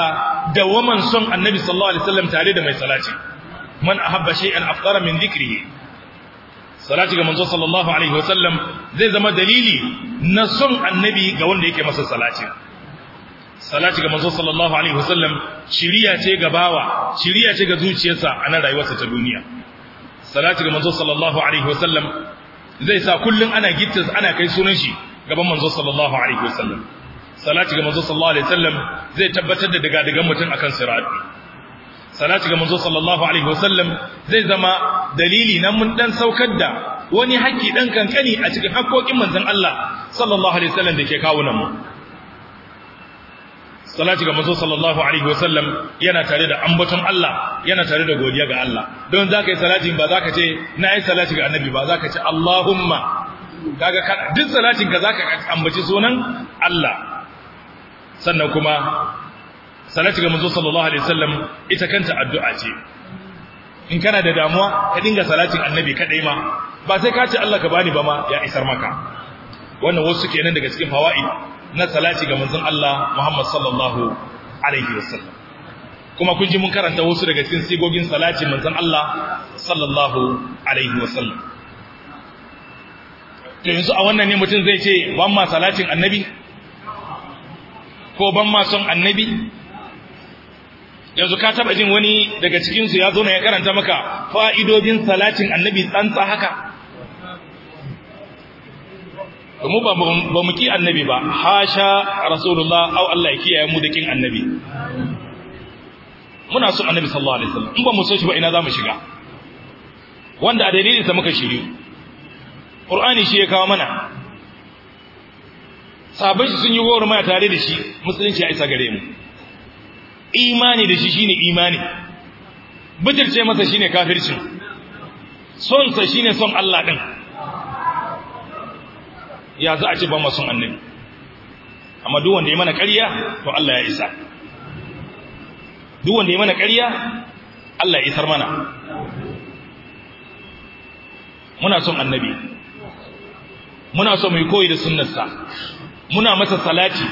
dawaman son annabi sallallahu alaihi wasallam tare da mai salati man ahabba shay'an afqara min dhikrihi salati ga manzo sallallahu alaihi wasallam zai zama dalili na son annabi ga wanda yake masa salati salati ga manzo sallallahu alaihi wasallam shiriya ce ga bawa shiriya ce ga zuciyarsa a nan rayuwarsa ta duniya salati ga manzo sallallahu alaihi wasallam zai sa kullun ana gittas ana kai sunan shi gaban manzo sallallahu alaihi wasallam salati ga manzo sallallahu alaihi wasallam zai tabbatar da daga dagan mutum akan sirat salati ga manzo sallallahu alaihi wasallam zai zama dalili na mun dan saukar da wani haƙƙi dan kankani a cikin haƙƙoƙin manzon Allah sallallahu alaihi wasallam da ke kawo nan mu salati ga manzo sallallahu alaihi wasallam yana tare da ambaton Allah yana tare da godiya ga Allah don zaka yi salati ba zaka ce na yi salati ga annabi ba zaka ce Allahumma kaga duk salatin ka zaka ambaci sunan Allah sannan kuma salati ga manzo sallallahu alaihi wasallam ita kanta addu'a ce in kana da damuwa ka dinga salatin annabi kadai ma ba sai ka ce Allah ka bani ba ma ya isar maka wannan wasu kenan daga cikin fawaid na salati ga manzon Allah Muhammad sallallahu alaihi wasallam kuma kun ji mun karanta wasu daga cikin sigogin salati manzon Allah sallallahu alaihi wasallam to yanzu a wannan ne mutum zai ce ban ma salatin annabi ko ban ma son annabi yanzu ka taba jin wani daga cikin su ya zo ne ya karanta maka fa'idodin salatin annabi tsantsa haka mu ba mu ki annabi ba hasha rasulullah au Allah ya kiyaye mu da kin annabi muna son annabi sallallahu alaihi wasallam in ba mu so shi ba ina za mu shiga wanda a dalilinsa muka shiri qur'ani shi ya kawo mana shi sun yi goro mai tare da shi musulunci ya isa gare mu imani da shi shine imani bijirce masa shine kafirci son sa shine son Allah din ya za a ce ba masu annabi amma duk wanda ya mana ƙarya to Allah ya isa duk wanda ya mana ƙarya Allah ya isar mana muna son annabi muna so mu koyi da sunnarsa muna masa salati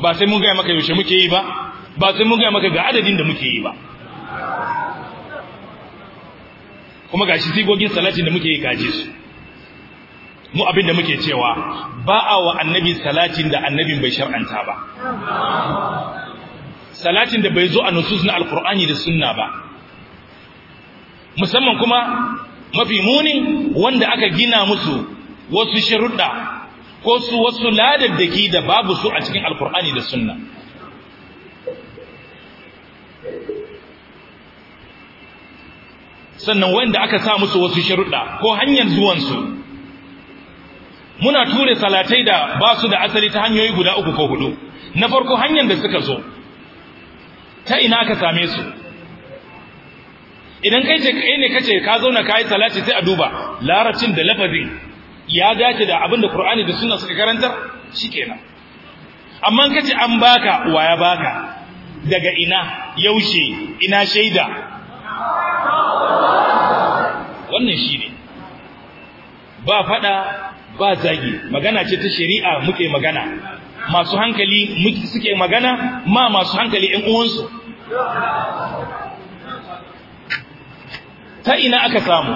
ba sai mun ga maka yaushe muke yi ba ba sai mun ga maka ga adadin da muke yi ba kuma gashi sigogin salatin da muke yi gaje su mu abin da muke cewa ba a wa annabi salatin da annabin bai shar'anta ba salatin da bai zo a nusus na alkur'ani da sunna ba musamman kuma mafi muni wanda aka gina musu wasu sharuɗa ko su wasu ladaddaki da babu su a cikin alkur'ani da sunna sannan wanda aka sa musu wasu sharuɗa ko hanyar zuwansu muna ture salatai da ba su da asali ta hanyoyi guda uku ko hudu na farko hanyar da suka zo ta ina ka same su idan kai ce kai ne kace ka zauna kai salati sai a duba larabcin da lafazin ya dace da abin da Qur'ani da Sunna suka karantar shikenan amma kace an baka Wa ya baka daga ina yaushe ina shaida wannan shine ba fada ba zagi magana ce ta shari'a muke magana masu hankali suke magana ma masu hankali ɗan uwansu ta ina aka samu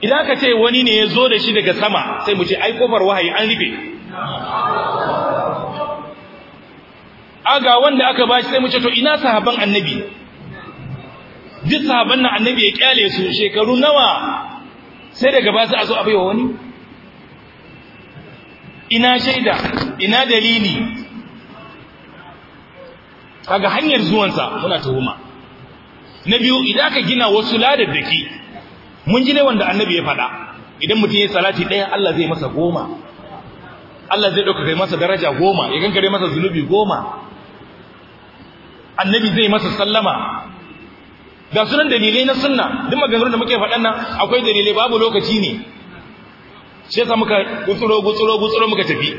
idan ka ce wani ne ya zo da shi daga sama sai mu ce ai kofar wahayi an rufe aga wanda aka bashi sai mu ce to ina sahaban annabi duk sahaban nan annabi ya kyale su shekaru nawa sai daga ba su a zo a baiwa wani ina shaida ina dalili kaga hanyar zuwansa muna tuhuma na biyu idan aka gina wasu ladaddaki mun ji ne wanda annabi ya faɗa idan mutum ya salati ɗaya Allah zai masa goma Allah zai ɗauka kai masa daraja goma ya kankare masa zunubi goma annabi zai masa sallama ga sunan dalilai na sunna duk maganganun da muke faɗan nan akwai dalilai babu lokaci ne shi sa muka gutsuro gutsuro gutsuro muka tafi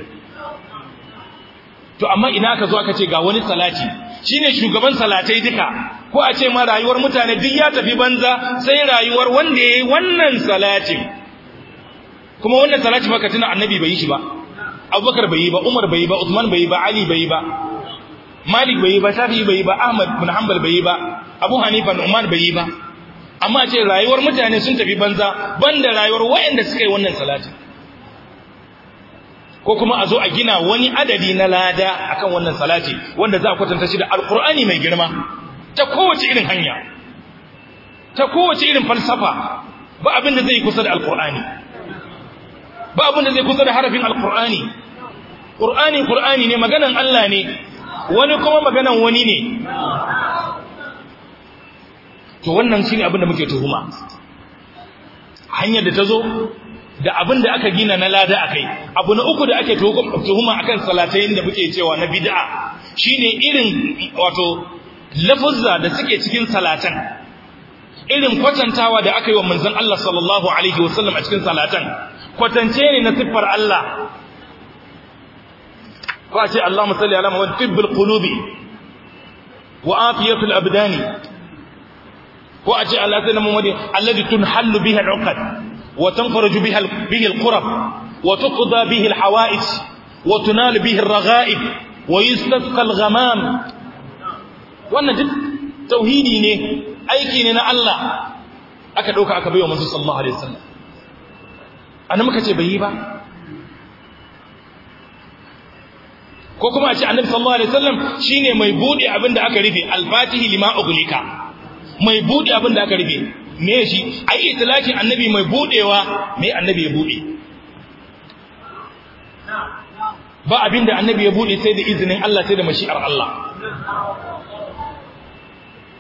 to amma ina ka zo ka ce ga wani salati shine shugaban salatai duka ko a ce ma rayuwar mutane duk ya tafi banza sai rayuwar wanda yayi wannan salatin kuma wannan salati baka tuna annabi bai yi shi ba abubakar bai yi ba umar bai yi ba usman bai yi ba ali bai yi ba malik bai yi ba shafi bai yi ba ahmad bin hanbal bai yi ba abu hanifa nu'man bai yi ba amma ce rayuwar mutane sun tafi banza banda rayuwar wayanda suka yi wannan salati ko kuma a zo a gina wani adadi na lada akan wannan salati wanda za a kwatanta shi da alkur'ani mai girma ta kowace irin hanya ta kowace irin falsafa ba abin da zai kusa da alkur'ani ba abin da zai kusa da harafin alkur'ani qur'ani qur'ani ne maganan Allah ne wani kuma maganan wani ne to wannan shine abin da muke tuhuma hanyar da ta zo da abin da aka gina na lada akai abu na uku da ake tuhuma akan salatai da muke cewa na shi shine irin wato lafuzza da suke cikin salatan irin kwatantawa da aka yi wa manzon Allah sallallahu alaihi wasallam a cikin salatan kwatance ne na siffar Allah ko a ce Allahumma salli ala Muhammad tibbil qulubi wa afiyatul abdani ko a ce Allah sai na Muhammadu alladhi tunhallu bihi al-uqad wa tanfaraju biha bihi al-qurab wa tuqda bihi al-hawa'ij wa tunal bihi al-ragha'ib wa yustasqa al-ghamam wannan duk tauhidi ne aiki ne na Allah aka dauka aka bayyana manzo sallallahu alaihi wasallam annabi muka ce bai yi ba ko kuma a ce annabi sallallahu alaihi wasallam shine mai bude abinda aka rufe al-fatihi lima ughliqa mai bude abin da aka rufe me shi ai itlakin annabi mai budewa me annabi ya bude ba abin da annabi ya bude sai da izinin Allah sai da mashi'ar Allah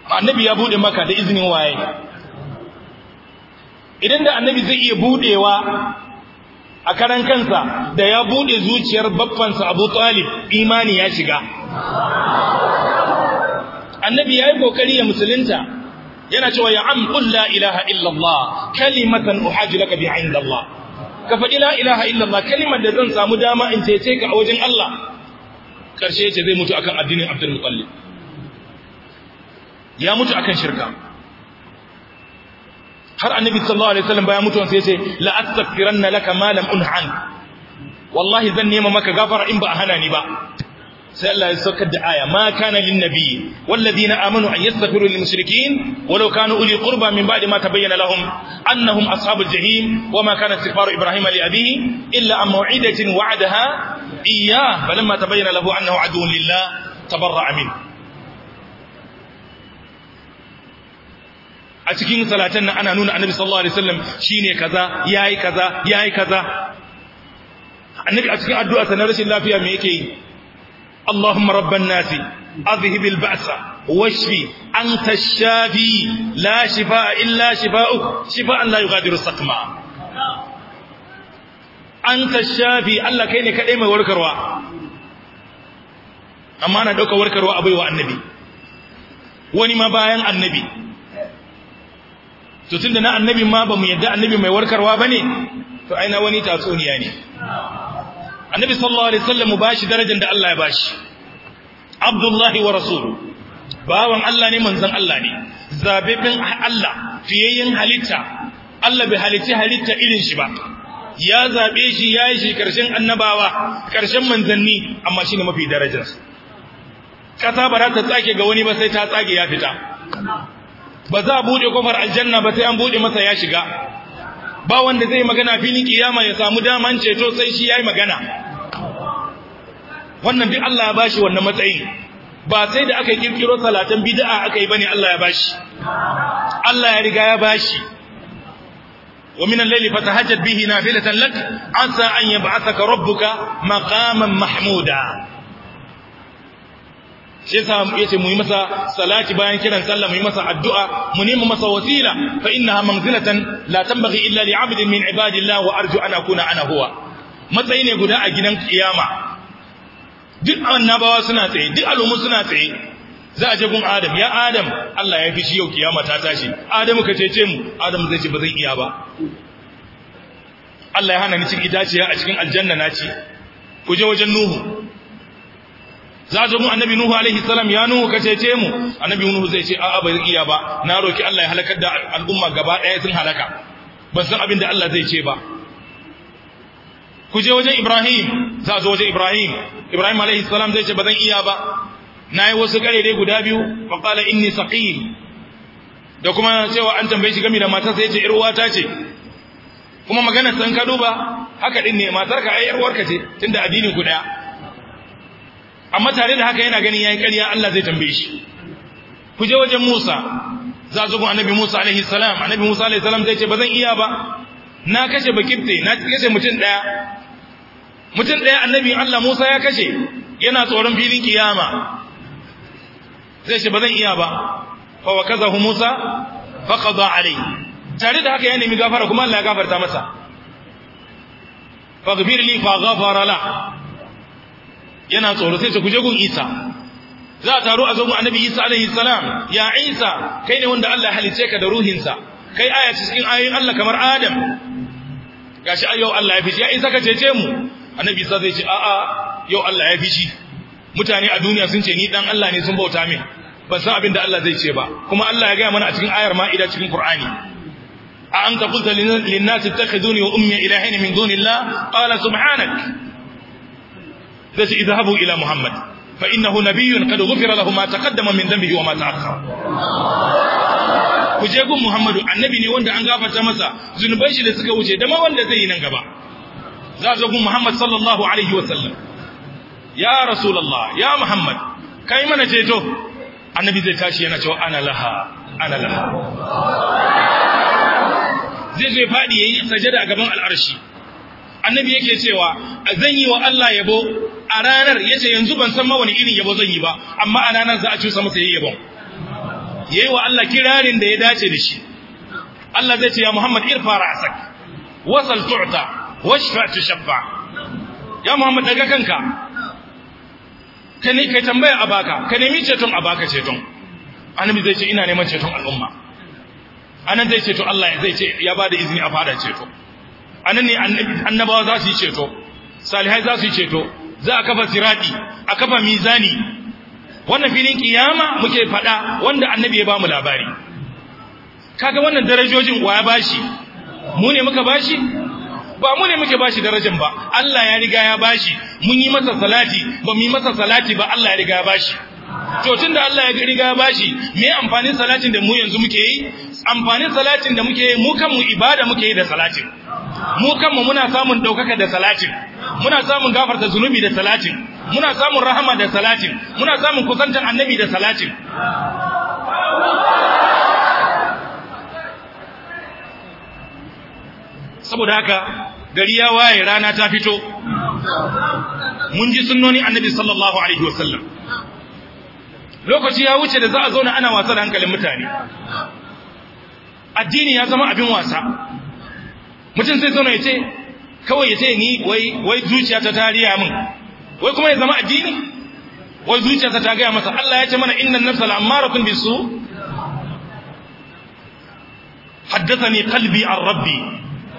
annabi ya bude maka da izinin waye idan da annabi zai iya budewa a karan kansa da ya bude zuciyar babbansa Abu Talib imani ya shiga annabi yayi kokari ya musulunta yana cewa ya am qul la ilaha illa Allah kalimatan uhajju laka bi inda Allah ka faɗi la ilaha illa Allah kalimar da zan samu dama in cece ka a wajen Allah karshe yace zai mutu akan addinin Abdul Muttalib ya mutu akan shirka har annabi sallallahu alaihi wasallam bayan mutuwan sai yace la astaghfiranna laka ma lam unha wallahi zan nema maka gafara in ba a hana ni ba sai Allah ya saukar da aya ma kana lin nabiy walladina amanu an yastaghfiru lil mushrikeen walau kanu uli qurba min ba'di ma tabayyana lahum annahum ashabul jahim wama kana istighfaru ibrahima li abihi illa an maw'idatin wa'adaha iyyah falamma tabayyana lahu annahu aduwwun lillah tabarra'a min a cikin salatan nan ana nuna annabi sallallahu alaihi wasallam shine kaza yayi kaza yayi kaza annabi a cikin addu'a sa na rashin lafiya me yake yi اللهم رب الناس أذهب البأس واشفي أنت الشافي لا شفاء إلا شفاؤك شفاء لا يغادر سقما أنت الشافي الله كيني كديما وركروا أما أنا دوك وركروا أبي والنبي wani ma bayan annabi to tunda na annabi ma bamu yadda annabi mai warkarwa bane to aina wani tatsuniya ne annabi sallallahu alaihi wasallam ba darajar da Allah ya bashi abdullahi wa rasulu bawan Allah ne manzon Allah ne zababin Allah fiyayyen halitta Allah bai halitta halitta irin shi ba ya zabe shi yayi shi karshen annabawa karshen manzanni amma shine mafi darajarsa kasa ba za ta tsage ga wani ba sai ta tsage ya fita ba za a buɗe kofar aljanna ba sai an buɗe masa ya shiga ba wanda zai magana filin kiyama ya samu daman ceto sai shi ya yi magana wannan bi Allah ya bashi wannan matsayi ba sai da aka kirkiro salatan bid'a aka yi bane Allah ya bashi Allah ya riga ya bashi wa min al-layli fatahajjat bihi nafilatan lak asa an yab'athaka rabbuka maqaman mahmuda shi yasa yace mu yi masa salati bayan kiran sallah mu yi masa addu'a mu nemi masa wasila fa innaha manzilatan la tanbaghi illa li 'abdin min 'ibadillah wa arju an akuna ana huwa matsayi ne guda a gidan kiyama duk annabawa suna tsaye duk al'ummu suna tsaye za a je gun adam ya adam Allah ya fi yau kiyama ta tashi adam ka cece mu adam zai ce ba zan iya ba Allah ya hana ni cikin itaciya a cikin aljanna na ci ku je wajen nuhu za zo mu annabi nuhu alaihi salam ya nuhu ka cece mu annabi nuhu zai ce a'a bai iya ba na roki Allah ya halakar da al'umma gaba daya sun halaka ban san abin da Allah zai ce ba ku je wajen Ibrahim za zo wajen Ibrahim Ibrahim alaihi salam zai ce ba zan iya ba nayi wasu kare dai guda biyu fa qala inni saqim da kuma cewa an tambaye shi game da matarsa yace yar uwata ce kuma maganar san ka duba haka din ne matarka ai ƴar uwarka ce tunda addinin ku daya amma tare da haka yana ganin yayi ƙarya Allah zai tambaye shi ku je wajen Musa za su gun annabi Musa alaihi salam annabi Musa alaihi salam zai ce ba zan iya ba na kashe bakifte na kashe mutum daya mutum daya annabi Allah Musa ya kashe yana tsoron filin kiyama zai ce ba zan iya ba fa wakazahu Musa fa qada alai tare da haka ya nemi gafara kuma Allah ya gafarta masa faghfir li fa ghafara la yana tsoro sai ce kuje gun isa za a taru a zogun annabi isa alaihi salam ya isa kai ne wanda Allah ya halice ka da ruhinsa kai aya cikin ayoyin Allah kamar adam gashi yau Allah ya fishi ya isa ka cece mu annabi isa zai ce a'a yau Allah ya fishi mutane a duniya sun ce ni dan Allah ne sun bauta min ban san abin da Allah zai ce ba kuma Allah ya gaya mana a cikin ayar ma'ida cikin Qur'ani أأنت قلت للناس اتخذوني وأمي إلهين من min الله قال سبحانك zai ce idhabu ila muhammad fa innahu nabiyyun qad ghufira lahu ma taqaddama min dhanbihi wa ma ta'akhkhara ku je gun muhammadu annabi ne wanda an gafarta masa zunuban shi da suka wuce da ma wanda zai yi nan gaba za zo gun muhammad sallallahu alaihi wa sallam ya rasulullah ya muhammad kai mana ceto annabi zai tashi yana cewa ana laha ana laha zai zo ya fadi yayi sajada a gaban al'arshi annabi yake cewa zan yi wa Allah yabo a ranar yace yanzu ban san ma wani irin yabo zan yi ba amma a ranar za a cusa masa yayi yabo yayi wa Allah kirarin da ya dace da shi Allah zai ce ya Muhammad irfa ra'sak wasal tu'ta washfa tushaffa ya Muhammad daga kanka kai tambaya a baka ka nemi ceton a baka ceton annabi zai ce ina neman ceton al'umma anan zai ce to Allah zai ce ya bada izini a fada ceton. anan ne annabawa za su yi ceto salihai za su yi ceto za a kafa sirati a kafa mizani wannan filin kiyama muke faɗa wanda annabi ya ba mu labari kaga wannan darajojin wa ya bashi mu ne muka bashi ba mu ne muke bashi darajin ba Allah ya riga ya bashi mun yi masa salati ba mu yi masa salati ba Allah ya riga ya bashi to tunda Allah ya riga ya bashi me amfanin salatin da mu yanzu muke yi amfanin salatin da muke yi mu kanmu ibada muke yi da salatin mu kanmu muna samun daukaka da salatin muna samun gafarta zunubi da salatin muna samun rahama da salatin muna samun kusantar annabi da salatin saboda haka gari ya waye rana ta fito mun ji sunnoni annabi sallallahu alaihi wasallam lokaci ya wuce da za a zauna ana wasa da hankalin mutane addini ya zama abin wasa mutum sai zama ya ce kawai ya ce ni wai zuciya ta tariya min wai kuma ya zama addini wai zuciya ta gaya masa Allah ya ce mana innan nafsal la'amaratun bisu haddathani qalbi ar rabbi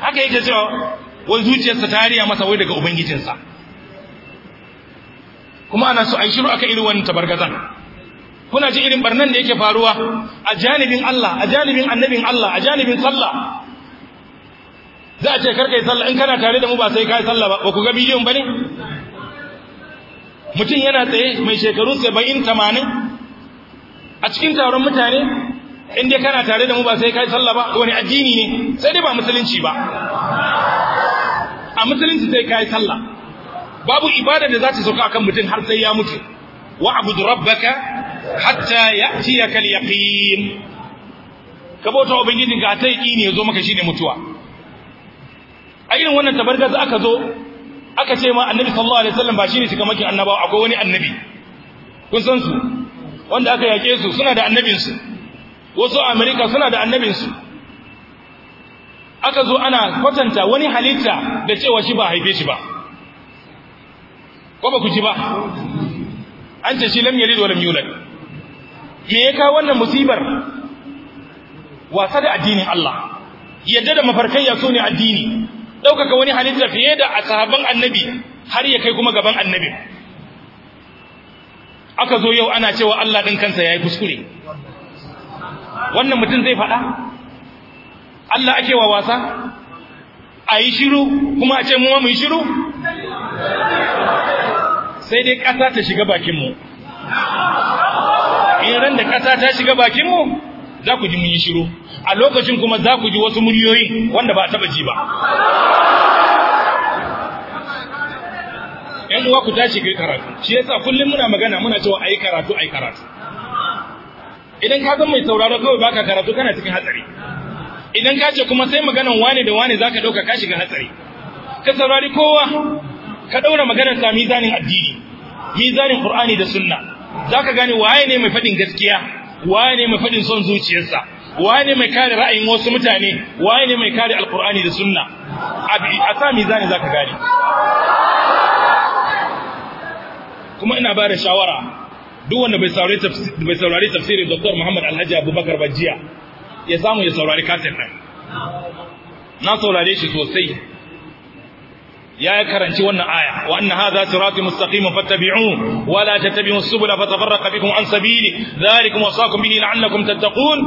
haka yake cewa wai zuciyarsa ta ya masa wai daga sa kuma ana so a shiru aka irin wannan tabargazan kuna ji irin barnan da yake faruwa a janibin Allah a janibin annabin Allah a janibin sallah za a ce karka yi sallah in kana tare da mu ba sai ka yi sallah ba ba ku ga bidiyon ba ne mutum yana tsaye mai shekaru 70 tamanin a cikin taron mutane in dai kana tare da mu ba sai ka yi sallah ba wani addini ne sai dai ba musulunci ba a musulunci sai ka yi sallah babu ibada da za ta sauka akan mutum har sai ya mutu wa abudu rabbaka hatta ya'tiyaka al-yaqin ka bauta ubangijinka a ta yaqini ya zo maka shine mutuwa a irin wannan za aka zo aka ce ma annabi sallallahu alaihi wasallam ba shine cikamakin annabawa akwai wani annabi kun san su wanda aka yake su suna da annabinsu wasu a America suna da annabinsu aka zo ana kwatanta wani halitta da cewa shi ba haife shi ba ko ba ku ji ba an ce shi lam yalid wa lam yulad me ya kawo wannan musibar wasa da addinin Allah yadda da mafarkai ya so ne addini ɗaukaka wani halitta fiye da a sahabban annabi har ya kai kuma gaban annabi aka zo yau ana cewa Allah ɗin kansa ya yi kuskure wannan mutum zai faɗa Allah ake wa wasa a yi shiru kuma a ce mu mu yi shiru sai dai ƙasa ta shiga bakinmu in ran da ƙasa ta shiga bakinmu za ku ji mun yi shiru a lokacin kuma za ku ji wasu muryoyi wanda ba a taba ji ba ɗan uwa ku tashi kai karatu shi ya sa kullum muna magana muna cewa ayi karatu ayi karatu idan ka zama mai sauraro kawai baka karatu kana cikin hatsari idan ka ce kuma sai maganan wane da wane zaka dauka ka shiga hatsari ka saurari kowa ka daura maganar ka mizanin addini mizanin qur'ani da sunna zaka gane waye ne mai faɗin gaskiya wane mai fadin son zuciyarsa wane mai kare ra'ayin wasu mutane wane mai kare alkur'ani da sunna a sa mizani zaka gane kuma ina da shawara duk wanda bai saurari tafsirin bai saurari tafsirin Dr. Muhammad Alhaji Abubakar Bajiya ya samu ya saurari kaset nan na saurare shi sosai ya karanci wannan aya wa anna hadha sirati mustaqimun fattabi'uhu wa la tattabi'u subula fatafarraqa bikum an sabili dhalikum wasaqakum bihi la'allakum tattaqun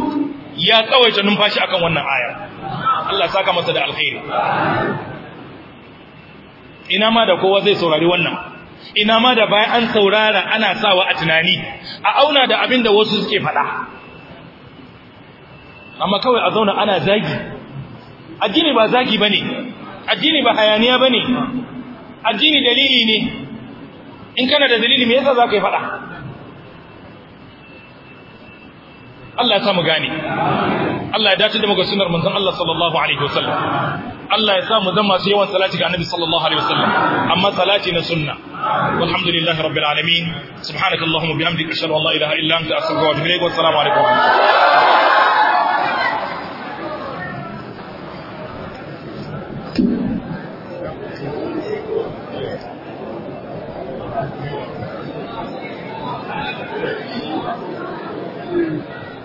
ya tsawaita numfashi akan wannan aya Allah saka masa da alkhairi ina ma da kowa zai saurari wannan ina ma da bayan an saurara ana sawa a tunani a auna da abin da wasu suke faɗa amma kawai a zauna ana zagi addini ba zagi bane addini ba hayaniya ba bane addini dalili ne in kana da dalili me yasa za zaka yi faɗa? Allah ya samu gani, Allah ya dace da muga sunnar manzon Allah sallallahu alaihi wasallam Allah ya samu zama su yawan salati ga annabi sallallahu alaihi wasallam amma salati na sunna walhamdulillahi rabbil alamin subhanakallahumma bihamdika ashhadu an la ilaha illa anta astaghfiruka wa atubu ilaik wa assalamu alaikum